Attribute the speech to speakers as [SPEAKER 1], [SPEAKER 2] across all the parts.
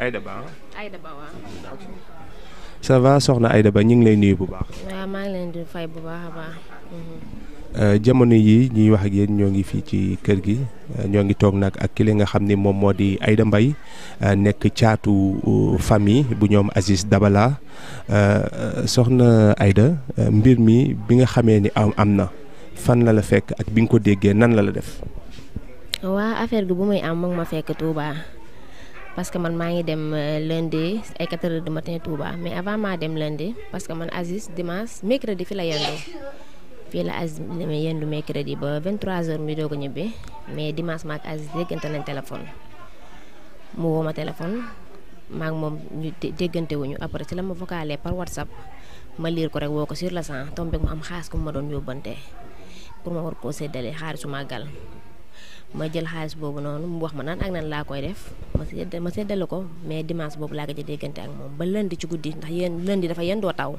[SPEAKER 1] Aïda Ba Aïda Ba ah. soxna Aïda Ba ñu ngi lay nuyu bu baax. Euh, jamono yi ñuy wax ak yéen ñoo ngi fii ci kër gi euh, ñoo ngi toog nag ak ki li nga xam ni moom moo di ayda mbay euh, nekk caatu famille bu ñoom Aziz Dabala soxna ayda mbir mi bi nga xamee ni am am na fan la la fekk ak bi nga ko déggee nan la la def.
[SPEAKER 2] waa affaire bi bu muy am moom ma fekk Touba parce que man maa ngi dem euh, lundi ay 4 heures du matin Touba mais avant maa dem lundi parce que man Aziz dimanche mercredi fi la yendu fii la Aziz yendu mercredi ba 23 heures muy doog ko ñibbi mais dimanche maak Aziz déggante nañ téléphone mu woo ma téléphone maak moom déggantewuñu après ci la ma vocale par WhatsApp ma liir ko rek woo ko sur le champ tombé mu am xaas ku ma doon yóbbante pour ma war koo séddale xaalisu màggal ma jël xaalis boobu noonu mu wax ma naan ak nan laa koy def ma sedd ma ko mais dimanche boobu laa gëj a déggante ak moom ba lundi ci guddi ndax yéen lundi dafa yendoo taw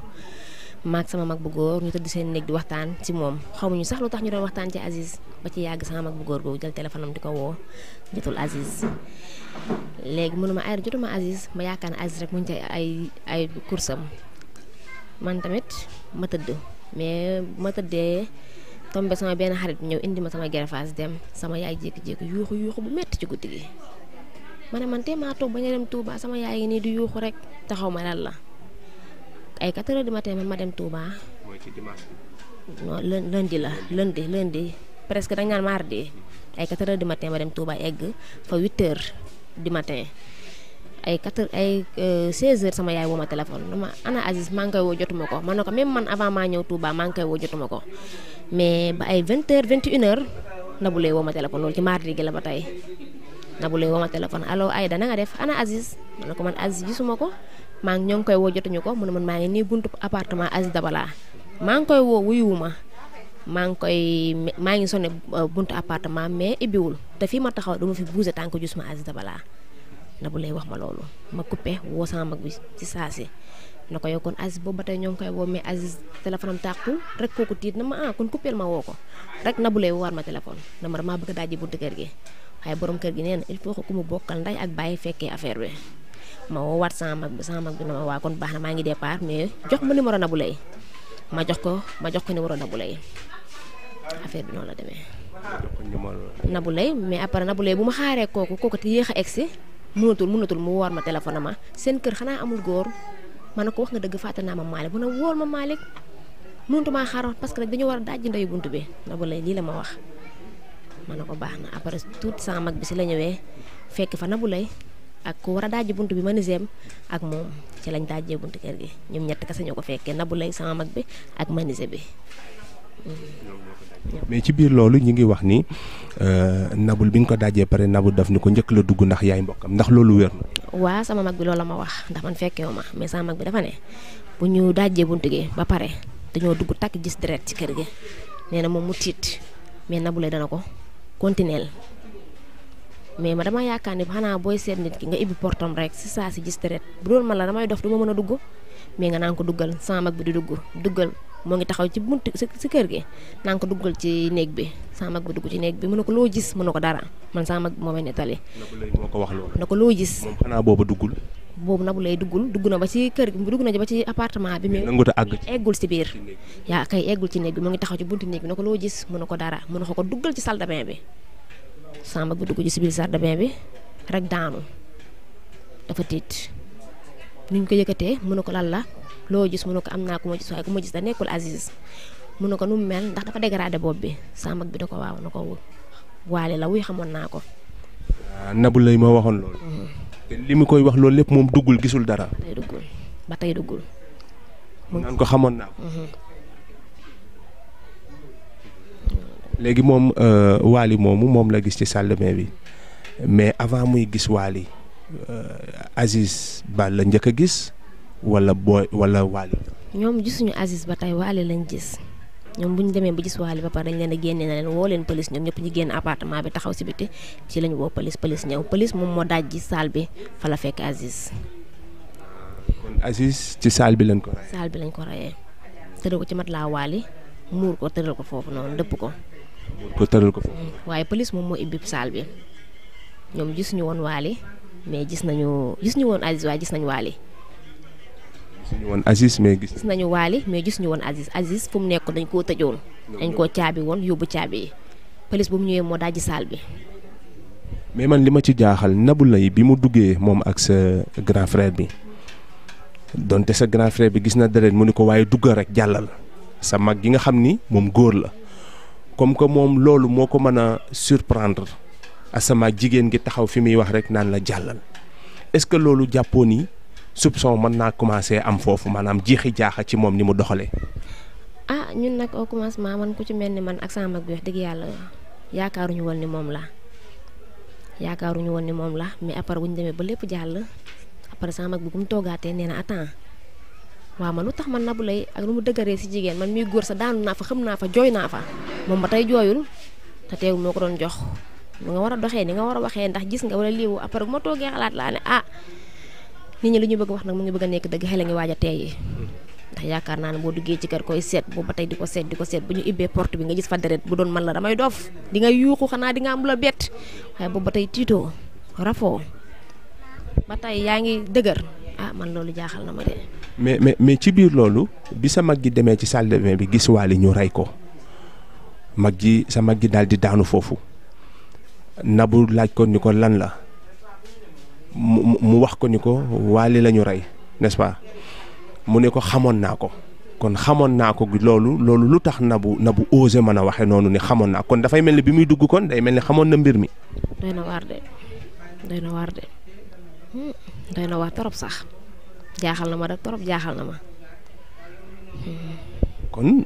[SPEAKER 2] maag sama mag bu góor ñu tëdd seen néeg di waxtaan ci moom xamuñu sax lu tax ñu doon waxtaan ci Aziz ba ci yàgg sama mag bu góor googu jël téléphone am di ko woo jotul Aziz léegi mënuma ay jotuma Aziz ma yaakaar ne Aziz rek mu ngi ci ay ay kursam man tamit ma tëdd mais ma tëddee. tombe sama benn xarit ñëw indi ma sama gerefaas dem sama yaay jékki-jékki yuuxu yuuxu bu metti ci guddi gi ma ne man tey maa toog bañ dem Touba sama yaay yi nii di yuuxu rek taxaw ma lan la ay 4 heures du matin ma dem Touba.
[SPEAKER 1] mooy ci dimanche non
[SPEAKER 2] lundi la lundi lundi presque dañ naan mardi ay 4 heures du matin ma dem egg fa 8 heures matin. ay 4 ay 16 euh, heures sama yaay woo ma téléphone dama ana Aziz maa ngi koy woo jotuma ko man na ko même man avant maa ñëw Touba maa ngi koy woo ko mais ay 20 heures 21 woo ma téléphone loolu ci mardi gi la ba tey Nabou Leye ma téléphone allo Aïda na nga def ana Aziz ko man Aziz gisuma ko maa ngi ñoo ngi koy jotuñu ko mu ne man maa ngi nii buntu appartement Aziz Dabala maa ngi koy woo wuyuwuma maa ngi koy maa ngi sonné euh, buntu appartement mais ibbiwul te fii ma taxaw duma fi bougé tànk justement Aziz Dabala na bu wax ma loolu ma coupé woo sama mag bi ci saasi na ko yow kon Aziz boobu ba tey ñoo ngi koy woo mais Aziz téléphone am tàkku kooku tiit na ma ah kon coupé ma woo ko rek na bu ma téléphone na ma bëgg daaj ji buntu kër gi waaye gi nee il faut que bokkal nday ak bàyyi fekkee affaire bi ma woowaat sama mag bi sama mag bi waa kon baax na maa ngi départ mais jox ma numéro na ma jox ko ma jox ko numéro na bi noonu la demee. Nabou mais après Nabou bu ma xaaree kooku kooku te yéex a egsi mënatul mënatul mu woor ma téléphone ma seen kër xanaa amul góor ma ne ko wax nga dëgg fàtte naa ma Malick mu ne woor ma Malick mënatu maa xaaral parce que dañu war a dajji ndeyu buntu bi na bu lay lii la ma wax ma ne ko baax na après tout sama mag bi si la ñëwee fekk fa na bu lay ak ku war a dajji bunt bi maniseem ak moom ci lañ dajjee buntu kër gi ñoom ñett kese ñoo ko fekkee na bu lay sama mag bi ak manise bi.
[SPEAKER 1] mais ci biir loolu ñu ngi wax ni euh, nabul bi nga ko dajee pare nabul daf ni ko njëkk la dugg ndax yaay mbokkam ndax loolu wér na.
[SPEAKER 2] waaw sama mag bi loolu la ma wax ndax man fekkewu ma mais sama mag bi dafa ne bu ñu daajee buntu gi ba pare dañoo dugg takk gis ci kër gi nee na moom mu tiit mais nabule dana ko continuer mais ma dama yaakaar ne xanaa booy seet nit ki nga ibbi portom rek si saa si gis deret bu doon man la damay dof du ma mën a dugg mais nga naan ko duggal sama mag bi di dugg duggal. moo ngi taxaw ci bunt si kër gi naan ko duggal ci néeg bi sama mag bi dugg ci néeg bi mu ne ko loo gis mu ne ko dara man sama mag bi moo may nettali.
[SPEAKER 1] moo ko wax loolu. na ko loo gis. moom duggul.
[SPEAKER 2] boobu Nabou Leye duggul dugg na ba ci kër gi dugg na ba ci appartement bi. mais nangut a si biir. yaa kay ci néeg bi mu ngi taxaw ci buntu néeg bi na ko loo gis mu ne ko dara mu ne ko duggal ci salle de bi. sama mag bi dugg si biir salle de bi rek daanu dafa tiit nu ñu ko yëkkatee mu ne ko lan la loo gis mu a ko am naa ko ma gis waaye ma gis da nekkul Aziz mu ne ko nu mu ndax dafa dégradé bopp bi sa bi da ko waaw na ko waale la wuy xamoon naa ko.
[SPEAKER 1] Ah, Nabou Leye moo waxoon loolu. Mm-hmm. te koy wax loolu lépp moom duggul gisul dara. ba tey duggul
[SPEAKER 2] tey duggul. mu ko xamoon naa mm-hmm.
[SPEAKER 1] léegi moom euh, waali moomu moom la gis ci salle bi mais avant muy gis waali euh, Aziz Ba la njëkk a gis wala booy wala waali
[SPEAKER 2] ñoom gisuñu Aziz ba tey waali lañ gis ñoom bu ñu demee ba gis waali ba pare dañ leen a génne na leen woo leen police ñoom ñëpp ñu génn appartement bi taxaw si biti ci lañ woo police police ñëw police moom moo daaj ji salle bi fa la fekk Aziz.
[SPEAKER 1] kon ci salle bi lañ ko rayee.
[SPEAKER 2] salle bi lañ ko rayee ko ci mat laa waali muur ko tëral ko foofu noonu dëpp ko.
[SPEAKER 1] muur ko ko
[SPEAKER 2] mm. waaye police moom moo ibbib salle bi ñoom gisuñu woon waali mais gis nañu ñu woon Aziz waaye gis nañu waali
[SPEAKER 1] gisuñu woon Aziz mais gis
[SPEAKER 2] nañu Waly mais gisuñu woon Aziz Aziz fu mu nekk dañ koo tëjoon dañ koo caabi woon yóbbu caabi yi police bu mu ñëwee moo dajji saal bi
[SPEAKER 1] mais man li ma ci jaaxal Nabou Leye bi mu duggee moom ak sa grand frère bi donte sa grand frère bi gis na deret mu ni ko waaye dugga rek jàllal sa mag gi nga xam ni moom góor la comme que moom loolu moo ko mën a surprendre asama ah, jigéen gi taxaw fi muy wax rek naan la jàllal est-ce que loolu jàppoo ni soupçon mën naa commencé am foofu man maanaam jeexi jaaxa ci moom ni mu doxalee.
[SPEAKER 2] ah ñun nag au commencement man ku ci mel ni man ak sama mag bi wax dëgg yàlla yaakaaruñu woon ni moom la yaakaaruñu woon ni moom la mais après bu ñu demee ba lépp jàll après sama mag mu toogaatee nee na attends waaw man lu tax man Nabou Leye ak lu mu dëgëree si jigéen man miy góor sa daanu naa fa xam naa fa jooy naa fa moom ba tey jooyul te teewul moo ko doon jox. lu nga war a doxee ni nga war a waxee ndax gis nga wala lii wu après ma toogee xalaat laa ne ah nit ñi li ñu bëgg wax nag mu ngi bëgg a nekk dëgg xel a ngi waaj a teeyee ndax yaakaar naa ne boo duggee ci kër koy seet boobu ba tey di ko seet di ko seet bu ñu ibbee porte bi nga gis fa deret bu doon man la damay doof di nga yuuxu xanaa di nga am la bett waaye boobu ba tey tiitoo rafoo ba tey yaa ngi dëgër ah man loolu jaaxal
[SPEAKER 1] na ma de. mais mais ci biir loolu bi sa mag gi demee ci salle de bi gis waali ñu rey ko mag ji sa mag gi daal di daanu foofu nabu laaj ko ni ko lan la. mu mu wax ko ni ko waali lañu ñu rey n'est-ce mu ne ko xamoon naa ko kon xamoon naa ko loolu loolu lu tax na bu na bu osé mën a waxee noonu ni xamoon naa kon dafay mel ni bi muy dugg kon day mel ni xamoon na mbir mi.
[SPEAKER 2] doy na waar de hmm, sax jaaxal na ma rek trop hmm.
[SPEAKER 1] kon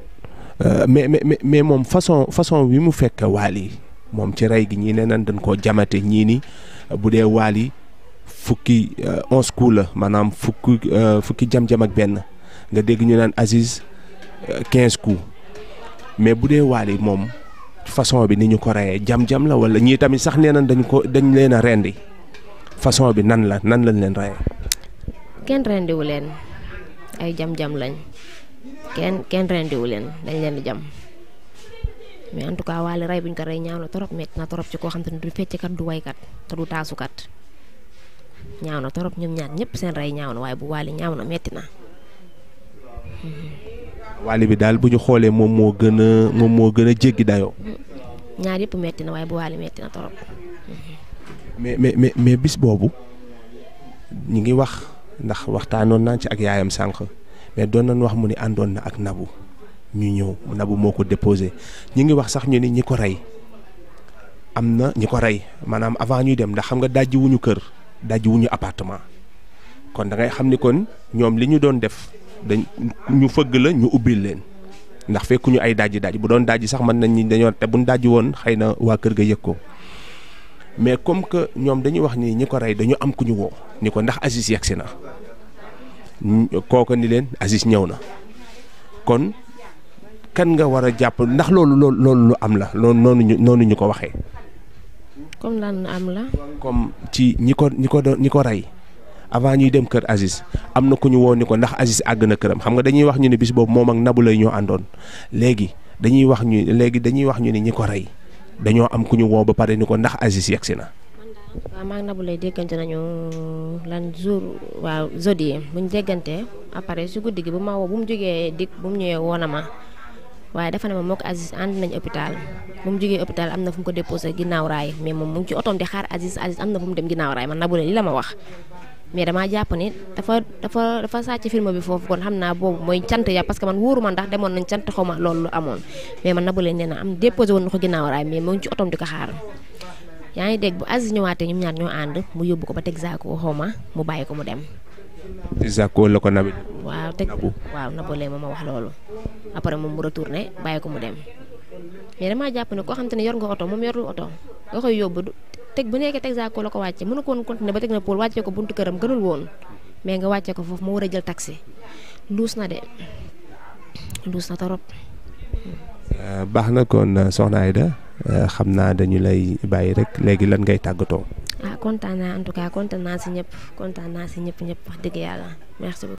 [SPEAKER 1] euh, mais mais mais moom façon façon bi mu fekk waal yi moom ci rey gi ñii ne nañ dañ koo jamate ñii ni bu dee waal yi fukki euh, onze coups la maanaam fukki euh, fukki jam-jam ak benn nga dégg ñu naan Aziz euh, quinze coups mais bu dee yi moom façon bi ni ñu ko reyee jam-jam la wala ñii tamit sax nee na dañ ko dañ leen a rendi façon bi nan la nan lañ leen reyee
[SPEAKER 2] kenn rendiwu leen ay jam-jam lañ kenn kenn rendiwu leen dañ leen jam mais en tout cas Wally rey buñ ko rey ñaaw na trop metti na trop ci koo xam te ne du fecckat du waykat te du taasukat ñaaw na torop ñoom ñaar ñëpp seen rey ñaaw na waaye bu waali ñaaw na metti na.
[SPEAKER 1] Mhm. bi daal bu ñu xoolee moom moo gën a moom moo gën a jéggi dayoo.
[SPEAKER 2] Mm-hmm. ñaar yëpp metti na waaye bu waali metti na torop. Mm-hmm.
[SPEAKER 1] mais mais mais mais bis boobu ñu ngi wax ndax waxtaanoon naa ci ak yaayam sànq mais doon na nañ wax mu ni àndoon na ak nabu ñu ñëw nabu moo ko déposé ñu ngi wax sax ñu ni ñi ko rey am na ñi ko rey maanaam avant ñuy dem ndax xam nga dajji wuñu kër. daj wuñu appartement kon da ngay xam ni kon ñoom li ñu doon def dañ ñu fëgg la ñu ubbil leen ndax fekkuñu ay dajji dajji bu doon dajji sax mën nañ ni dañoo te buñ dajji woon xëy na waa kër ga yëg ko mais comme que ñoom dañuy wax nii ñi ko rey dañu am ku ñu woo ni ko ndax Aziz yegsi na kooka ni leen Aziz ñëw na kon kan nga war a jàpp ndax loolu loolu lu am la loolu noonu ñu noonu ñu ko waxee.
[SPEAKER 2] comme lan am la.
[SPEAKER 1] comme ci ñi ko ñi ko doon ñi ko rey avant ñuy dem kër Aziz am na ku ñu woo ni ko ndax Aziz àgg na këram xam nga dañuy wax ñu ni bis boobu moom ak Nabou lay ñoo àndoon léegi dañuy wax ñu léegi dañuy wax ñu ni ñi ko rey dañoo am ku ñu woo ba pare ni ko ndax Aziz yegsi na.
[SPEAKER 2] waaw maa ngi Nabou Leye déggante nañu lan jour waaw jeudi bu ñu déggante après si guddi gi bu ma woo bu mu jógee dig bu mu ñëwee woon waaye dafa ne ma moo ko Aziz ànd nañ hôpital ba mu jógee hôpital am na fu mu ko déposé ginnaaw raay mais moom mu ci otoom di xaar Aziz Aziz am na fu mu dem ginnaaw raay mais damaa ne dafa dafa dafa sàcc film bi foofu kon xam naa boobu mooy cant ya parce que man wóoru ma ndax demoon nañ cant xaw ma loolu amoon mais man Nabou Leye am déposé woon na ko ginnaaw raay mais mu ngi ci otoom di ko xaar yaa ngi dégg bu Aziz ñëwaatee ñoom ñaar ñoo ànd mu yóbbu ko ba teg saako xaw ma mu bàyyi ko mu dem
[SPEAKER 1] Isako la ko nabi. waaw teg
[SPEAKER 2] waaw Nabou Leye moom ma wax loolu. après moom mu retourné bàyyi ko mu dem mais damaa jàpp ne koo xam ne yor nga oto moom yorul oto nga koy yóbbu teg bu nekkee Texaco la ko wàcce mënu ko woon continuer ba teg na pool wàcce ko buntu këram gënul woon mais nga wàcce ko foofu mu war a jël taxi luus na de luus na torop.
[SPEAKER 1] Euh, baax na kon soxna Aida euh, xam naa dañu lay bàyyi rek léegi lan ngay tàggatoo.
[SPEAKER 2] ah kontaan naa en tout cas kontaan si ñëpp kontaan si ñëpp ñëpp wax dëgg yàlla merci beaucoup.